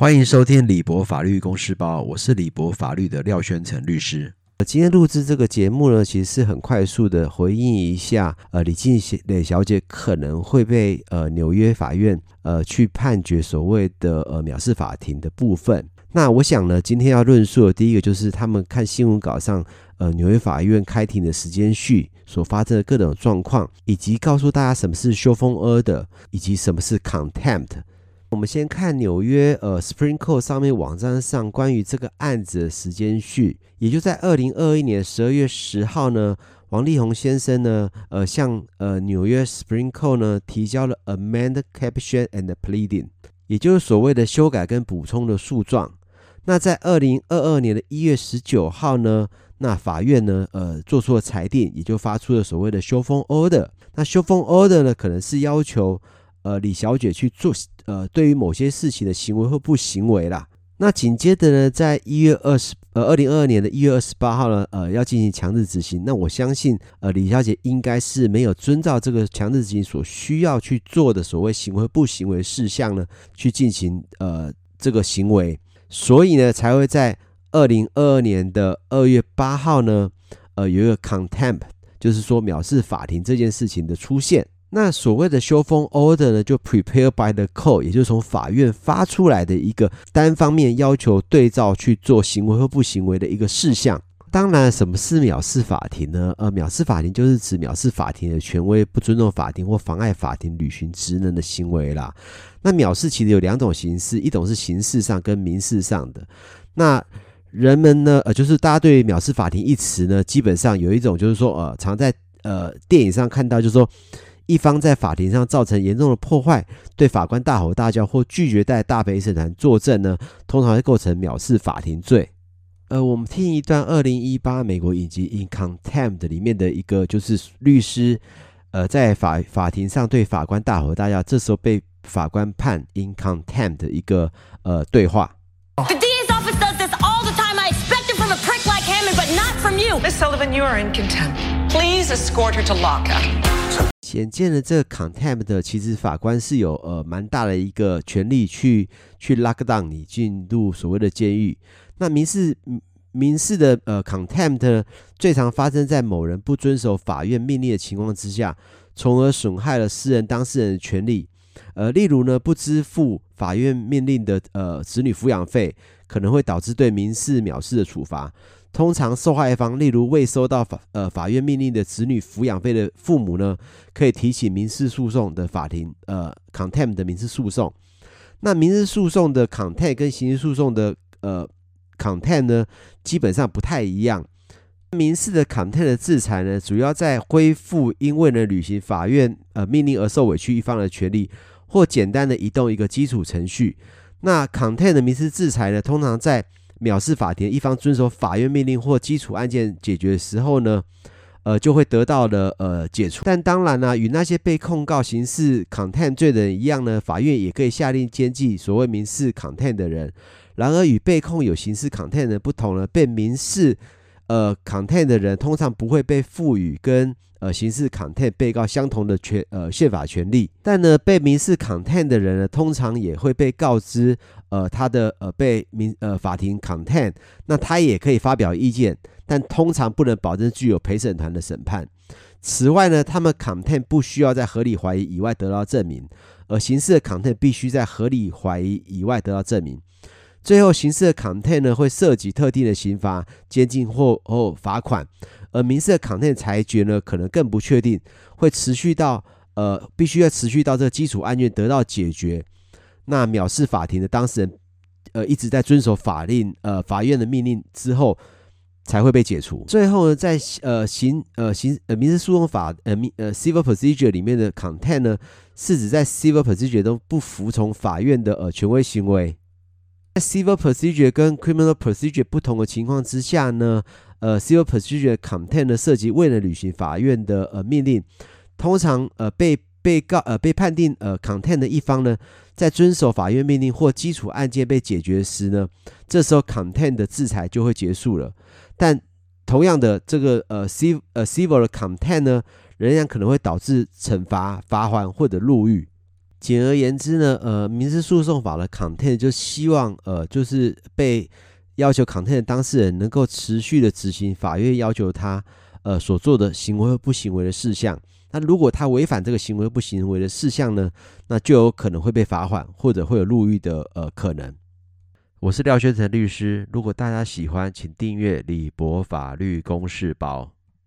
歡迎收聽李博法律公示報，我是李博法律的廖宣成律師、呃。今天錄製這個節目呢，其實是很快速地回應一下，呃，李靚蕾小姐可能會被呃紐約法院呃去判決所謂的呃藐視法庭的部分。那我想呢，今天要論述的第一個就是他們看新聞稿上呃紐約法院開庭的時間序所發生的各種狀況，以及告訴大家什麼是 show cause order，以及什麼是 contempt。我們先看紐約呃，Sprinkle 上面網站上關於這個案子的時間序，也就在二零二一年十二月十號呢，王力宏先生呢，呃，向呃紐約 Sprinkle 呢提交了 Amended Caption and Pleading，也就是所謂的修改跟補充的訴狀。那在二零二二年的一月十九號呢，那法院呢，呃，做出了裁定，也就發出了所謂的修封 order。那修封 order 呢，可能是要求。呃，李小姐去做呃，對於某些事情的行為或不行為啦。那緊接着呢，在一月二十呃，二零二二年的一月二十八號呢，呃，要進行強制執行。那我相信，呃，李小姐應該是沒有遵照這個強制執行所需要去做的所謂行為或不行為事項呢，去進行呃這個行為，所以呢，才會在二零二二年的二月八號呢，呃，有一個 contempt，就是說藐視法庭這件事情的出現。那所謂的修封 order 呢，就 prepare by the code，也就是從法院發出來的一個單方面要求對照去做行為或不行為的一個事項。當然，什麼是藐視法庭呢？呃，藐視法庭就是指藐視法庭的權威，不尊重法庭或妨礙法庭履行職能的行為啦。那藐視其實有兩種形式，一種是刑事上跟民事上的。那人們呢，呃，就是大家對藐視法庭一詞呢，基本上有一種就是說，呃，常在呃電影上看到，就是說。一方在法庭上造成嚴重的破壞，對法官大吼大叫或拒絕帶大陪審團作證呢，通常會構成藐視法庭罪。呃，我們聽一段二零一八美國影集 in contempt 裡面的一個，就是律師呃在法法庭上對法官大吼大叫，這時候被法官判 in contempt 的一個呃對話。Oh. The 顯見的，這個 contempt 其實法官是有呃蠻大的一個權力，去去 lock down 你進入所謂的監獄。那民事民事的呃 contempt 最常發生在某人不遵守法院命令的情況之下，從而損害了私人當事人的權利。呃，例如呢，不支付法院命令的呃子女撫養費，可能會導致對民事藐視的處罰。通常受害方，例如未收到法呃法院命令的子女撫養費的父母呢，可以提起民事訴訟的法庭，呃，contempt 的民事訴訟。那民事訴訟的 contempt 跟刑事訴訟的呃 contempt 呢，基本上不太一樣。民事的 contempt 的制裁呢，主要在恢復因為呢履行法院呃命令而受委屈一方的權利，或簡單的移動一個基礎程序。那 contempt 的民事制裁呢，通常在。藐視法庭，一方遵守法院命令或基礎案件解決的時候呢，呃，就會得到了呃解除。但當然呢、啊，與那些被控告刑事 contempt 罪的人一樣呢，法院也可以下令監禁所謂民事 contempt 的人。然而，與被控有刑事 contempt 人不同呢，被民事呃 contempt 的人通常不會被賦予跟。呃，刑事 contempt 被告相同的權呃憲法權利，但呢，被民事 contempt 的人呢，通常也會被告知呃他的呃被民呃法庭 contempt 那他也可以發表意見，但通常不能保證具有陪審團的審判。此外呢，他們 contempt 不需要在合理懷疑以外得到證明，而刑事的 contempt 必須在合理懷疑以外得到證明。最後，刑事的 contempt 呢，會涉及特定的刑罰、監禁或或罰款。而民事的 contempt 裁決呢，可能更不確定，會持續到呃，必須要持續到這個基礎案件得到解決，那藐視法庭的當事人，呃，一直在遵守法令，呃，法院的命令之後，才會被解除。最後呢，在呃行呃行呃民事訴訟法呃民呃 civil procedure 裡面的 contempt 呢，是指在 civil procedure 都不服從法院的呃權威行為，在 civil procedure 跟 criminal procedure 不同的情況之下呢。呃，civil procedure contempt 的設計，為了履行法院的呃命令，通常呃被被告呃被判定，呃 contempt 的一方呢，在遵守法院命令或基礎案件被解決時呢，這時候 contempt 的制裁就會結束了。但同樣的，這個呃，c，呃 civil 呃 civil 的 contempt 呢，仍然可能會導致懲罰、罰鍰或者入獄。簡而言之呢，呃，民事訴訟法的 contempt 就希望呃就是被。要求 contempt 當事人能夠持續的執行法院要求他，呃所做的行為或不行為的事項。那如果他違反這個行為或不行為的事項呢，那就有可能會被罰款或者會有入獄的呃可能。我是廖學成律師，如果大家喜歡，請訂閱李博法律公事包。